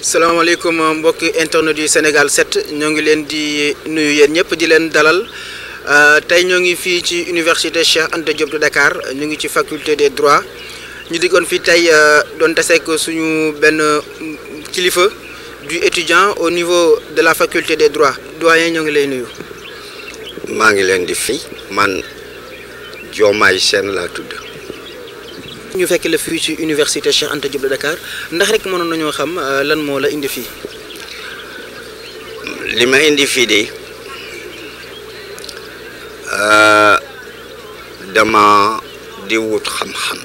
salaamaaleykum mbokki internet yu Sénégal 7 ñoo ngi leen di nuyu yéen ñëpp di leen dalal euh, tey ñoo ngi fii ci université Cheikh Anta Diop de Dakar ñu ngi ci faculté des droits ñu diggoon fii tey euh, doon taseek suñu benn kilifa du étudiant au niveau de la faculté des droits doyen ñoo ngi lay nuyu. maa ngi leen di fii man Diomaye Sène laa tudd. ñu fekk la fii ci université Cheikh Anta Diop de Dakar ndax rek mënoon nañoo xam euh, lan moo la indi fii. li ma indi fii de euh, dama di wut xam-xam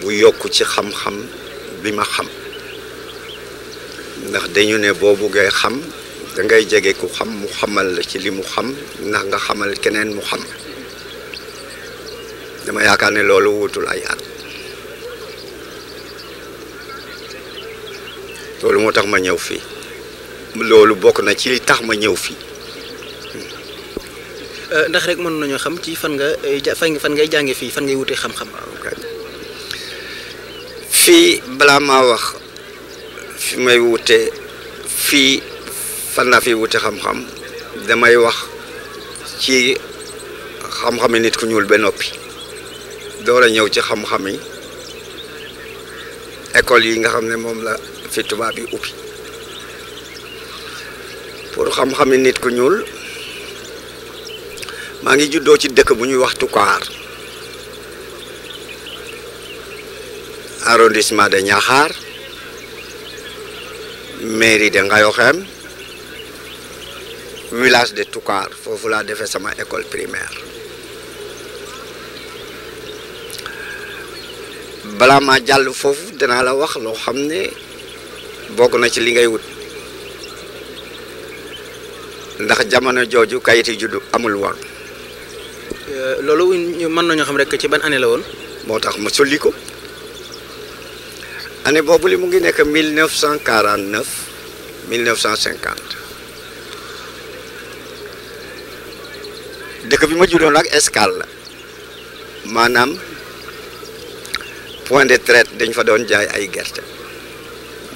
bu yokk ci xam-xam bi ma xam. ndax dañu ne boo buggee xam da ngay jege ku xam mu xamal la ci li mu xam ndax nga xamal keneen mu xam dama yaakaar ne loolu wutul ay at loolu moo tax ma ñëw fii loolu bokk na ci li tax ma ñëw fii. Euh, ndax rek mën nañoo xam ci fan nga euh, fan ngay jànge fii fan ngay wutee xam-xam. fii balaa maa wax. fi may wute fii fan laa fi wute xam-xam damay wax ci xam-xami nit ku ñuul ba noppi door a ñëw ci xam-xami école yi nga xam ne moom la fi tubaab yi ubbi pour xam-xami nit ku ñuul maa ngi juddoo ci dëkk bu ñuy wax Toucar arrondissement de Niakhar mairie de Ngayokhème village de Toucar foofu laa defee sama école primaire balaa ma jàll foofu danaa la wax loo xam ne bokk na ci li ngay wut ndax jamono jooju kayiti juddu amul woon. Euh, loolu mën nañu xam rek ci ban année la woon. moo tax ma solli ko. année boobu li mu ngi nekk 1949 1950 dëkk bi ma juddoon nag Escale la maanaam point de traite dañ fa doon jaay ay gerte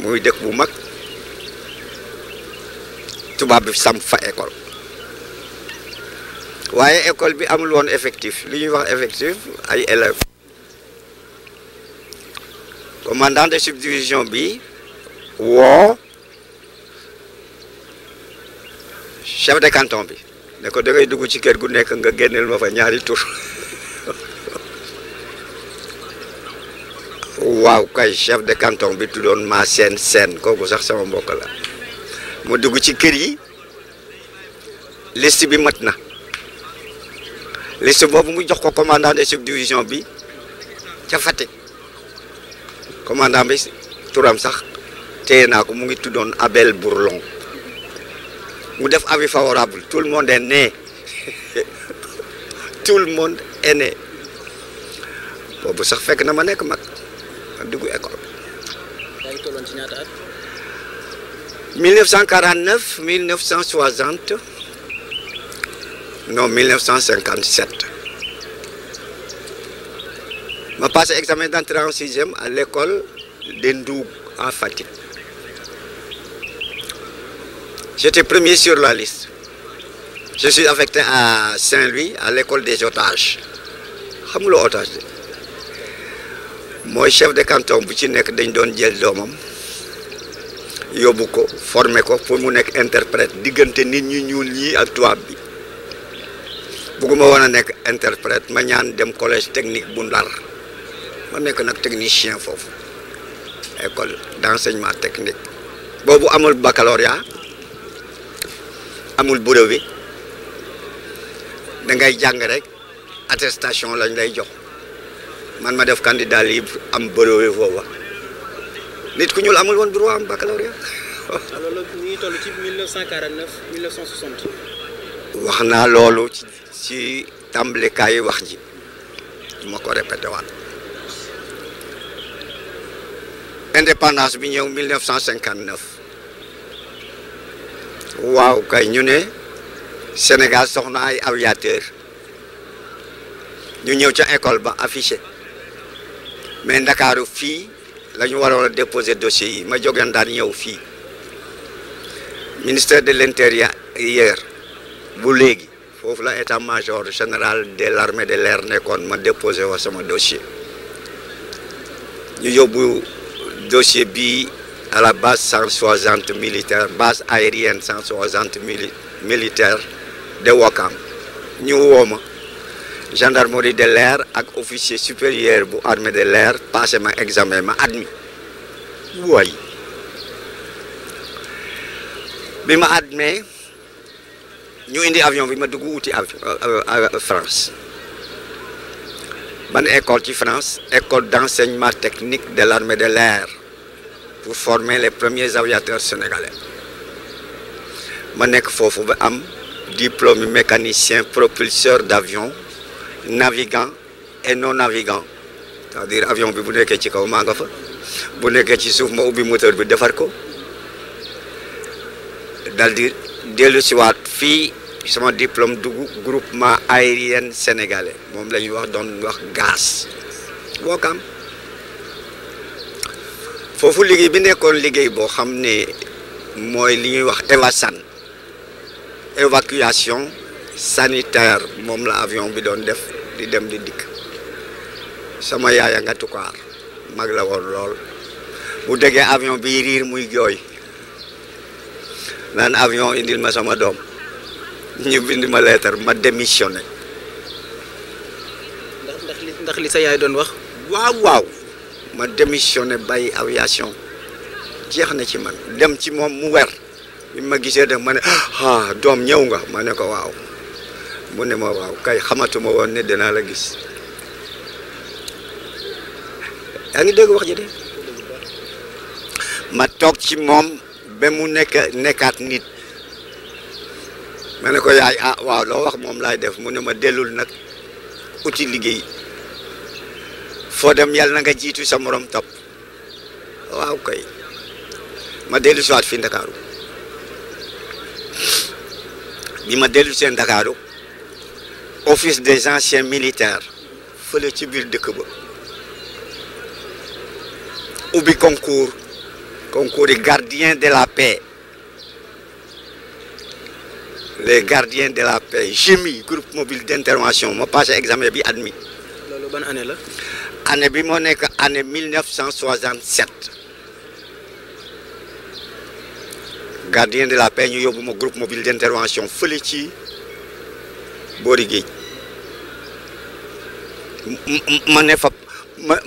muy dëkk bu mag tubaab bi samp fa école waaye école bi amul woon effectif li ñuy wax effectif ay élèves. commandant de subdivision bi woo chef de canton bi ne ko dangay dugg ci kër gu nekk nga génneel ma fa ñaari tur waaw kay chef de canton bi tuddoon maa seen seen kooku sax sama mbokk la mu dugg ci kër yi liste bi mat na liste boobu mu jox ko commandant de subdivision bi ca commandant bi turam sax téye naa ko mu ngi tuddoon Abel Bourlon mu def avis favorable tout le monde est né tout le monde est né boobu sax fekk na ma nekk mag ma dugg école. yaa ngi tolloon ci ñaata at. 1949 1960 non 1957. ma passé examen d'entrée en sixième à l'école de Ndoug en Fatick j'étais premier sur la liste je suis affecté à Saint-Louis à l'école des otages xamuloo otage de mooy chef de canton bu ci nekk dañ doon jël doomam yóbbu ko formé ko pour mu nekk interprète diggante nit ñu ñuul ñi ak tubaab bi bëgguma war a nekk interprète ma ñaan dem collège technique bu Ndar ma nekk nag technicien foofu école d'enseignement technique boobu amul baccalauréat amul bureau bi da ngay jàng rek attestation lañ lay jox man ma def candidat yi am bureau bi foofa nit ku ñuul amul woon droit am baccalauréat. wax naa loolu ci ci wax ji ma ko répété waat. indépendance bi ñëw 1959 waaw kay ñu ne Sénégal soxna ay aviateur ñu ñëw ca école ba affiché mais Ndakaaru fii lañu ñu waroon a déposer dossier yi ma jóge daan ñëw fii ministère de l'intérieur bu léegi foofu la état major général de l'armée de l'air nekkoon ma déposé wa sama dossier ñu yóbbu. dossier bi à la base 160 militaires base aérienne 160 mili militaires de Ouakam ñu woo ma gendarmerie de l'air ak officier supérieur bu armée de l'air passé ma examen ma admis waay bi ma admis ñu indi avion bi ma dugg wuti avion euh, euh, France ban école ci France école d'enseignement technique de l'armée de l'air pour former les premier aviateurs sénégalais ma nekk foofu ba am diplôme mécanicien propulseur d' avion navigant et non navigant cest dire avion bi bu nekkee ci kaw maa nga fa bu nekkee ci suuf ma ubbi moteur bi defar ko daldi di dellu siwaat fii sama diplôme dugg groupement aérien sénégalais moom la ñuy wax doon wax GAS Ouakam foofu liggéey bi nekkoon liggéey boo xam ne mooy li ñuy wax EVASAN évacuation sanitaire moom la avion bi doon def di dem di dikk sama yaay yaaya nga tukaar mag la woon lool bu dege avion bi riir muy jooy naan avion indil ma sama doom ñu bind ma lettre ma démissionné. ndax ndax li sa yaay doon wax. waaw waaw. ma démissionné bàyyi aviation jeex na ci man dem ci moom mu wer bi ma gisee def ma ne ah, doom ñëw nga ma ne ko waaw mu ne ma waaw kay xamatuma woon ne danaa la gis a ngi dégg wax ji de ma toog ci moom ba mu nekk nekkaat nit ma ne ko yaay ah waaw loo wax moom lay def mu ne ma dellul nag uti liggéey foo dem yàlla na nga jiitu sa moroom topp waaw kay ma dellu siwaat fii Ndakaaru bi ma dellu seen Ndakaaru office des anciens militaires fële ci biir dëkk ba ubbi concours concours yi gardien de la paix les gardiens de la paix GMI groupe mobile d'intervention ma passé examen bi admis loolu la année bi moo nekk année 1967 gardien de la paix ñu yóbbu ma groupe mobile d'intervention fële ci boori géej ma ne fa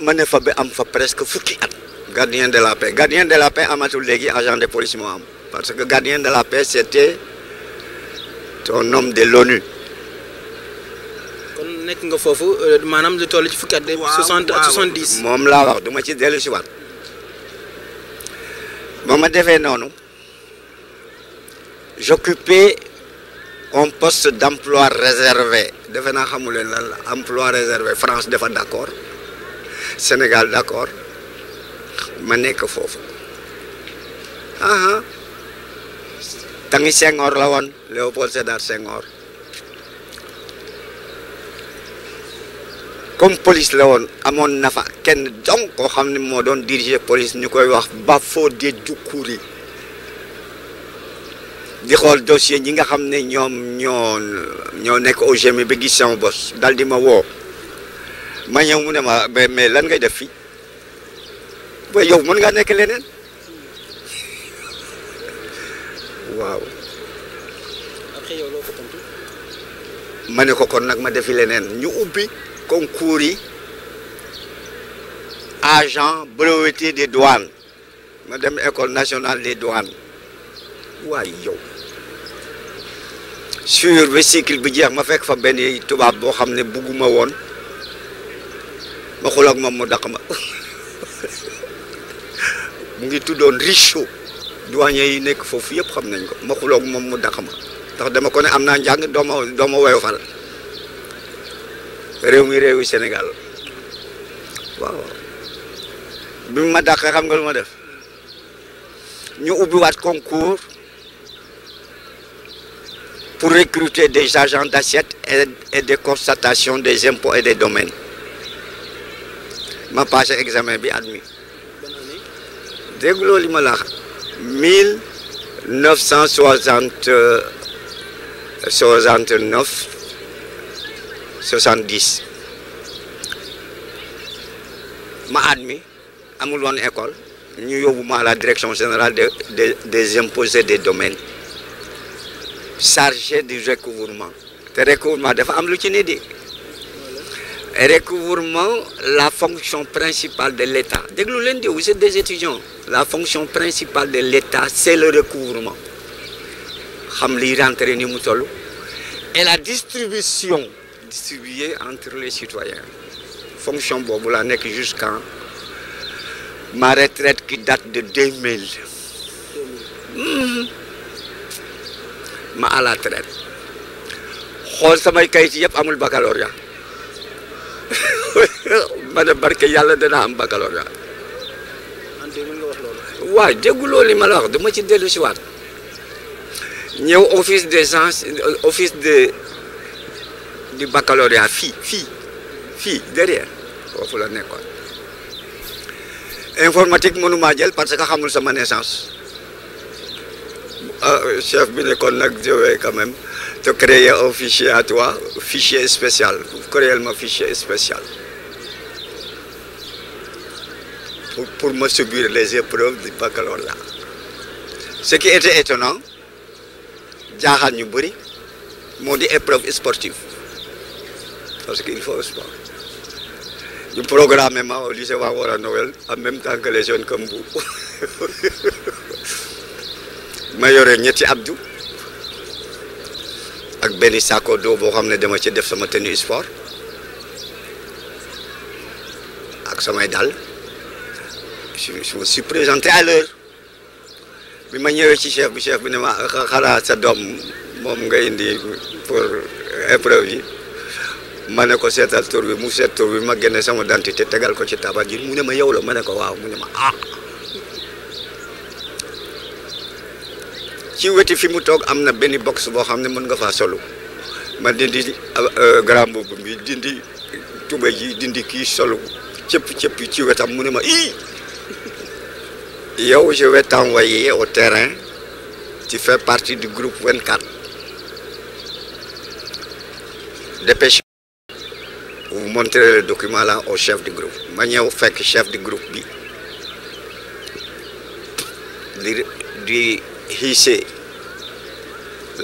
ma ne fa ba am fa presque fukki at gardien de la paix gardien de la paix amatul léegi agent de police moo am parce que gardien de la paix c'était un homme de l'ONU nekk nga foofu euh, maanaam lu toll ci fukki at. waaw soixante soixante dix. moom laa wax duma ci dellu si waat ba ma defee noonu j'occupais un poste d'emploi réservé defe naa xamu leen lan la emploi réservé France dafa d'accord Sénégal d'accord ma nekk foofu aha ah. tangi Senghor la woon Léopold Sédar Senghor comme police la woon amoon na fa kenn jom koo xam ne moo doon diriger police ñu koy wax Bafodé Dioukoury di xool dossier ñi nga xam ne ñoom ñoo ñoo nekk au GMI e ba gis sama bos dal di ma woo ma ñëw mu ne ma mais lan ngay def fii booy yow mën nga nekk leneen waaw. ma ne ko kon nag ma defi leneen ñu ubbi. concours yi agent breveté des douanes ma dem école nationale des douanes waaye yow sur véhicule bi jeex ma fekk fa benn tubaab boo xam ne bugguma woon ma xul ak moom mu daq ma mu ngi tuddoon Richaud douanier yi nekk foofu yëpp xam nañ ko ma xul moom mu daq ma ndax dama ko ne am naa njàng dooma dooma woyofal réew mi réewu Sénégal waaw bi ma dàqee xam nga lu ma def ñu ubbiwaat concours pour recruter des agents d'assiette et de constatation des impôts et des domaines ma passé examen bi admis dégg loolu ma la mille neuf cent soixante euh, neuf 70 ma admis amul woon école ñu yóbbu ma la direction générale de des des impôts et des domaines chargé du recouvrement te recouvrement dafa am lu ci ni di recouvrement la fonction principale de l'État déglu leen di vous êtes des étudiants la fonction principale de l'État c'est le recouvrement xam liy rentré ni mu toll et la distribution distribuer entre les citoyens fonction boobu laa nekk jusqu'à ma retraite qui date de 2000 hmm. ma à la traite xool samay kayit yëpp amul baccalauréat ma ne barke yàlla dana am baccalauréat waaw dégguloo li ma la wax ci dellu si waat ñëw office des gens euh, office de du baccalauréat fii fii fii derrière foofu la nekkoon informatique mënumaa jël parce que xamul sama naissance ah, chef bi nekkoon nag jëwee quand te créer un à toi fichier spécial créer ma fichier spécial pour pour me subir les épreuves du baccalauréat ce qui était étonnant jaaxal ñu bëri moo di épreuve sportive parce qu'il faut le sport. Nous programmons au lycée Wawara Noël en même temps que les jeunes comme vous. ma yore ñetti abdou ak benn saako do boo xam ne dama ci def sama tenue sport ak samay dàll je me suis présenté à l'heure bi ma ñëwee ci chef bi chef bi ne ma xanaa sa doom moom nga indi pour épreuve yi ma ne ko seetal tur mu seet tur bi ma génne sama dentité tegal ko ci taabal ji mu ne ma yow la ma ne ko waaw mu ne ma ah ci weti fi mu toog am na benn box boo xam ne mën nga faa solu ma dindi euh, grand boobu bi dindi tubé ji dindi kii solu cëpp cëpp ci wetam mu ne ma ii yow je vais t'envoyer au terrain ci fais partie du groupe 24 dépêche vous montrez le document là au chef du groupe ma ñëw fekk chef du groupe bi di di hisser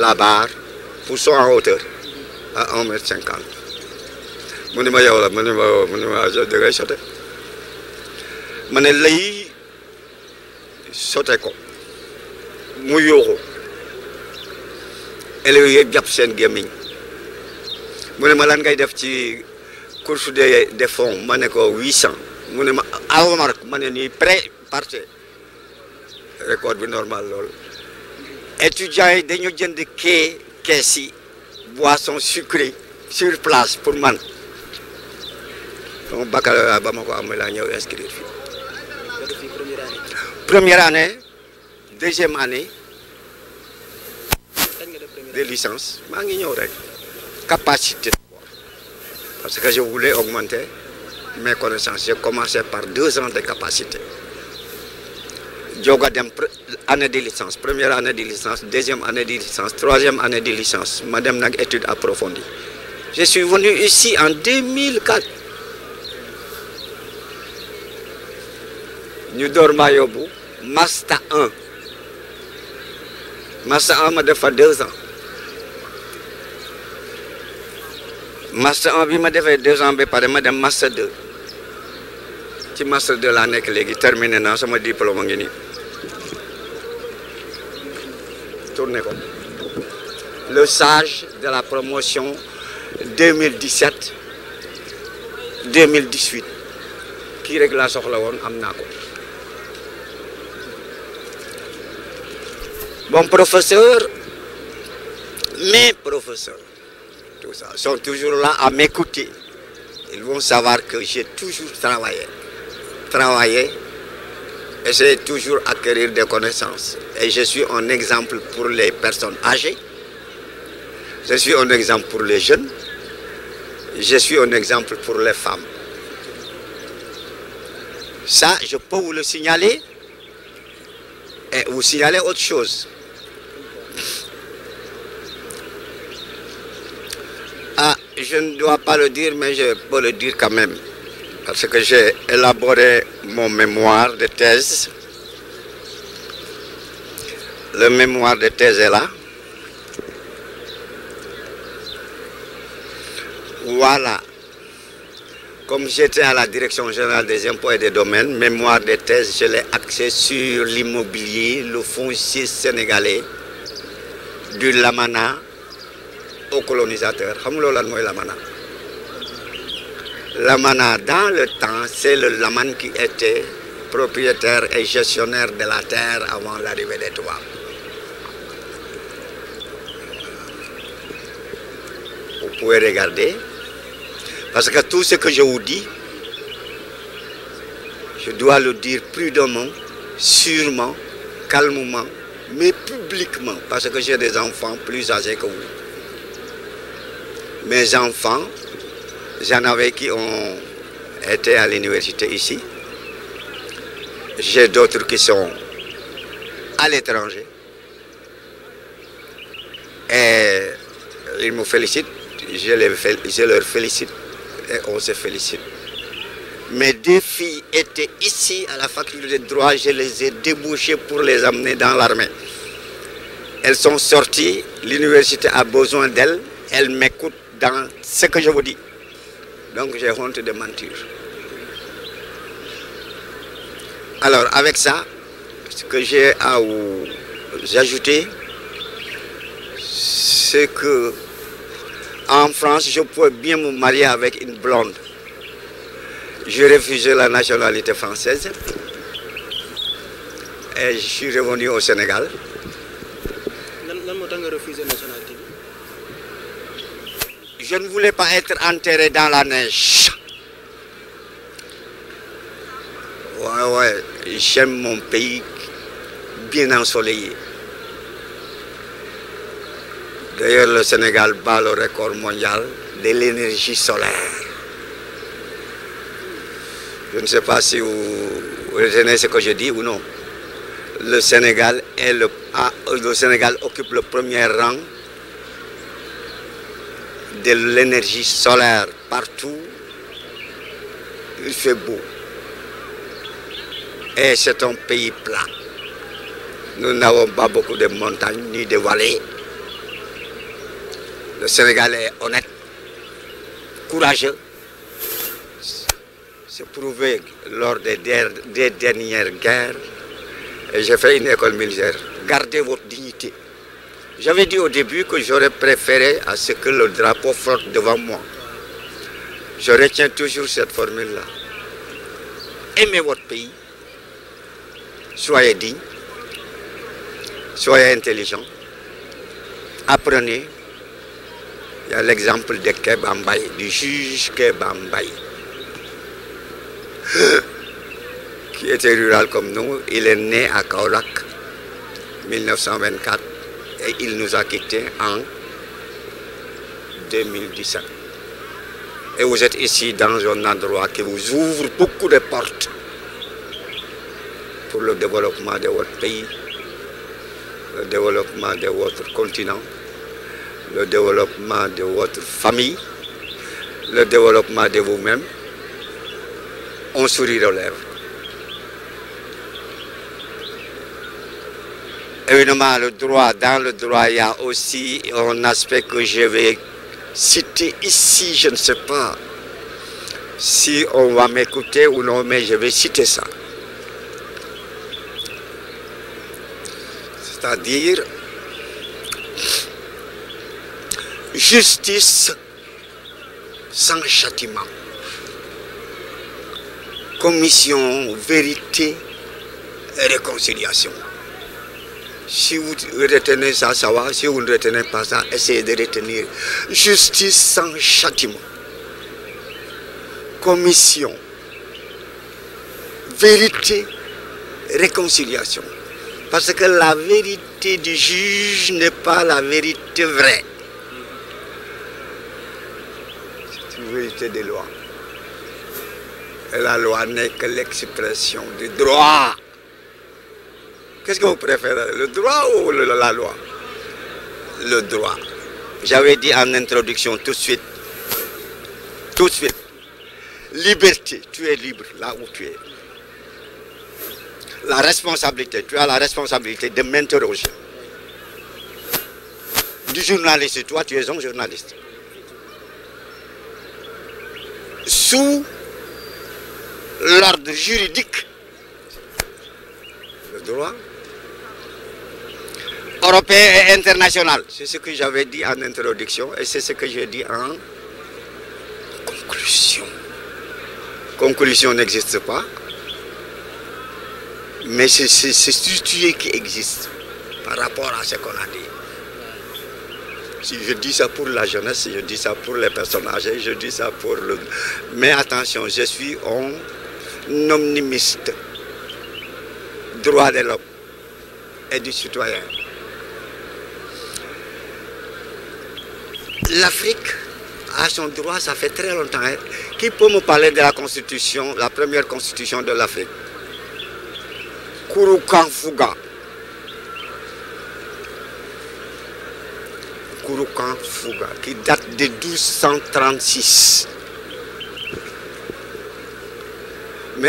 la barre pour son en hauteur un mètre cinquante mu ni ma yow la mu ni ma mu ni ma da sote ma ne lay sote ko mu yuuxu élèves yëpp jàpp seen gémmiñ mu ne ma lan ngay def ci course des des fonds ma ne ko huit cent mu ne ma aw ma ne nii pré parté record bi normal lool étudiants yi dañu jënd kee kees yi boisson sucrée sur place pour man donc baccalauréat ba ma ko amee laa ñëw inscrire fii première année deuxième année de licence maa ngi ñëw rek capacité Parce que je voulais augmenter mes connaissances. J'ai commencé par deux ans de capacité. Yoga année de licence, première année de licence, deuxième année de licence, troisième année de licence, madame Nag études approfondies. Je suis venu ici en 2004. ñu door maa yóbbu Master 1 Master un ma def fa deux ans master 1 bi ma defee deux ans ba pare ma dem master 2 ci master 2 laa nekk léegi terminé naa sama diplôme ngi nii tourné ko le sage de la promotion 2017 2018 kii rek laa soxla woon am naa ko bon professeur mais professeur tout ça toujours là à m'écouter ils vont savoir que j'ai toujours travaillé travaillé essayer toujours acquérir des connaissances et je suis un exemple pour les personnes âgées je suis un exemple pour les jeunes je exemple pour les femmes ça je peux vous le signaler et vous signaler autre chose je ne dois pas le dire, mais je peux le dire quand même, parce que j'ai élaboré mon mémoire de thèse. Le mémoire de thèse est là. Voilà. Comme j'étais à la Direction générale des impôts et des domaines, mémoire de thèse, je l'ai axé sur l'immobilier, le foncier sénégalais, du Lamana, aux colonisateurs xamuloo mooy lamana lamana dans le temps c'est le laman qui était propriétaire et gestionnaire de la terre avant l'arrivée des tubaab vous pouvez regarder parce que tout ce que je vous dis je dois le dire prudemment sûrement calmement mais publiquement parce que j'ai des enfants plus âgés que vous mes enfants, j'en avais qui ont été à l'université ici. J'ai d'autres qui sont à l'étranger. Et ils me félicitent, je, les fél je leur félicite et on se félicite. Mes deux filles étaient ici à la faculté de droit, je les ai débouchées pour les amener dans l'armée. Elles sont sorties, l'université a besoin d'elles, elles m'écoutent, dans ce que je vous dis. Donc j'ai honte de mentir. Alors avec ça, ce que j'ai à vous ajouter, c'est que en France, je pouvais bien me marier avec une blonde. Je refusais la nationalité française et je suis revenu au Sénégal. je ne voulais pas être enterré dans la neige. Ouais, ouais, j'aime mon pays bien ensoleillé. D'ailleurs, le Sénégal bat le record mondial de l'énergie solaire. Je ne sais pas si vous retenez ce que je dis ou non. Le Sénégal, ah, le Sénégal occupe le premier rang de l'énergie solaire partout, il fait beau. Et c'est un pays plat. Nous n'avons pas beaucoup de montagnes ni de vallées. Le Sénégal est honnête, courageux. C'est prouvé lors des, dernières guerres. Et j'ai fait une école militaire. Gardez votre J'avais dit au début que j'aurais préféré à ce que le drapeau flotte devant moi. Je retiens toujours cette formule-là. Aimez votre pays, soyez digne, soyez intelligent, apprenez. l'exemple de Kéba du juge Kéba qui était rural comme nous. Il est né à Kaolack, et il nous a quittés en 2017. Et vous êtes ici dans un endroit qui vous ouvre beaucoup de portes pour le développement de votre pays, le développement de votre continent, le développement de votre famille, le développement de vous-même. On sourit aux lèvres. évidemment, le droit, dans le droit, il y a aussi un aspect que je vais citer ici, je ne sais pas si on va m'écouter ou non, mais je vais citer C'est-à-dire, justice sans châtiment, commission, vérité et réconciliation. Si vous retenez ça, ça Si vous ne retenez pas ça, essayez de retenir. Justice sans châtiment. Commission. Vérité, réconciliation. Parce que la vérité du juge n'est pas la vérité vraie. C'est une vérité des lois. Et la loi n'est que l'expression du droit. Qu'est-ce que vous préférez, le droit ou le, la loi? Le droit. J'avais dit en introduction tout de suite, tout de suite, liberté, tu es libre là où tu es. La responsabilité, tu as la responsabilité de m'interroger. Du journaliste, toi, tu es un journaliste. Sous l'ordre juridique, le droit européen et international. C'est ce que j'avais dit en introduction et c'est ce que j'ai dit en conclusion. n'existe pas, mais c'est ce structure qui existe par rapport à ce qu'on a dit. Si je dis ça pour la jeunesse, je dis ça pour les personnes âgées, je Mais attention, je suis un omnimiste, droit de l'homme et du citoyen. L'Afrique a son droit, ça très longtemps. Hein. Qui peut me parler la première constitution de l'Afrique Kouroukan Fouga. Kouroukan Fouga, qui date de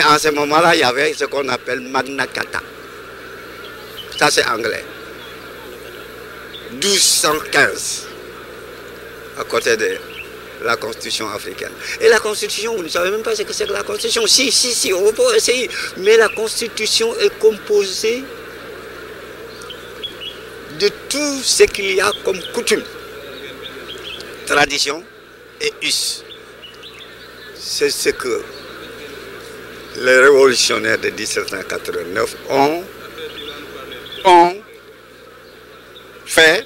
en ce moment-là, il y avait ce qu'on à côté de la constitution africaine. Et la constitution, vous ne savez même pas ce que c'est que la constitution. Si, si, de tout ce qu'il comme coutume, tradition et us. C'est ce que les révolutionnaires de 1789 ont, ont fait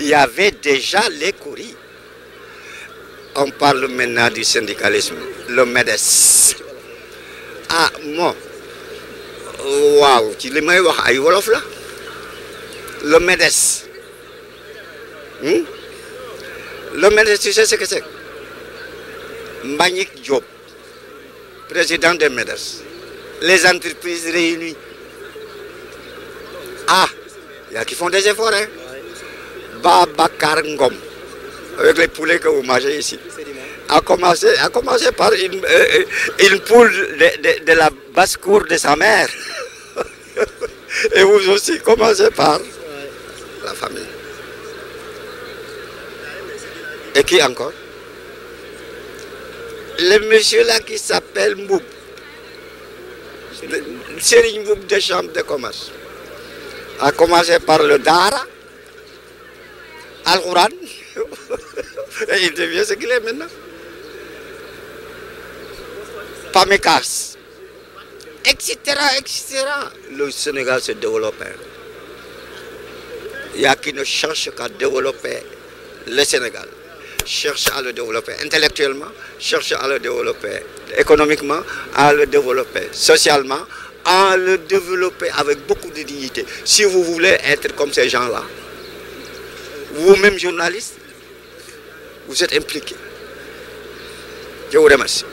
il y avait déjà les courriers. On parle maintenant du syndicalisme, le MEDES. ah moom waaw ci li may wax ay wolof la le MEDES hmm? le MEDES tu sais ce que c'est Mbagnick Diop président de MEDES les entreprises réunies ah y a qui font des efforts Babacar Ngom, avec les poulets que vous mangez ici. A commencé, par une, euh, euh, poule de, la basse-cour de sa mère. Et vous aussi commencez par la famille. Et qui encore? Le monsieur là qui s'appelle Mboub, Serigne Mboub de chambre de commerce, a commencé par le Dara. alxuraan ay interview ce qu'il est maintenant PAMECAS et cetera et cetera le Sénégal se développe il y a qui ne cherche qu'à développer le Sénégal cherche à le développer intellectuellement cherche à le développer économiquement à le développer socialement à le développer avec beaucoup de dignité si vous voulez être comme ces gens-là vous-même journaliste, vous êtes impliqué. Je vous remercie.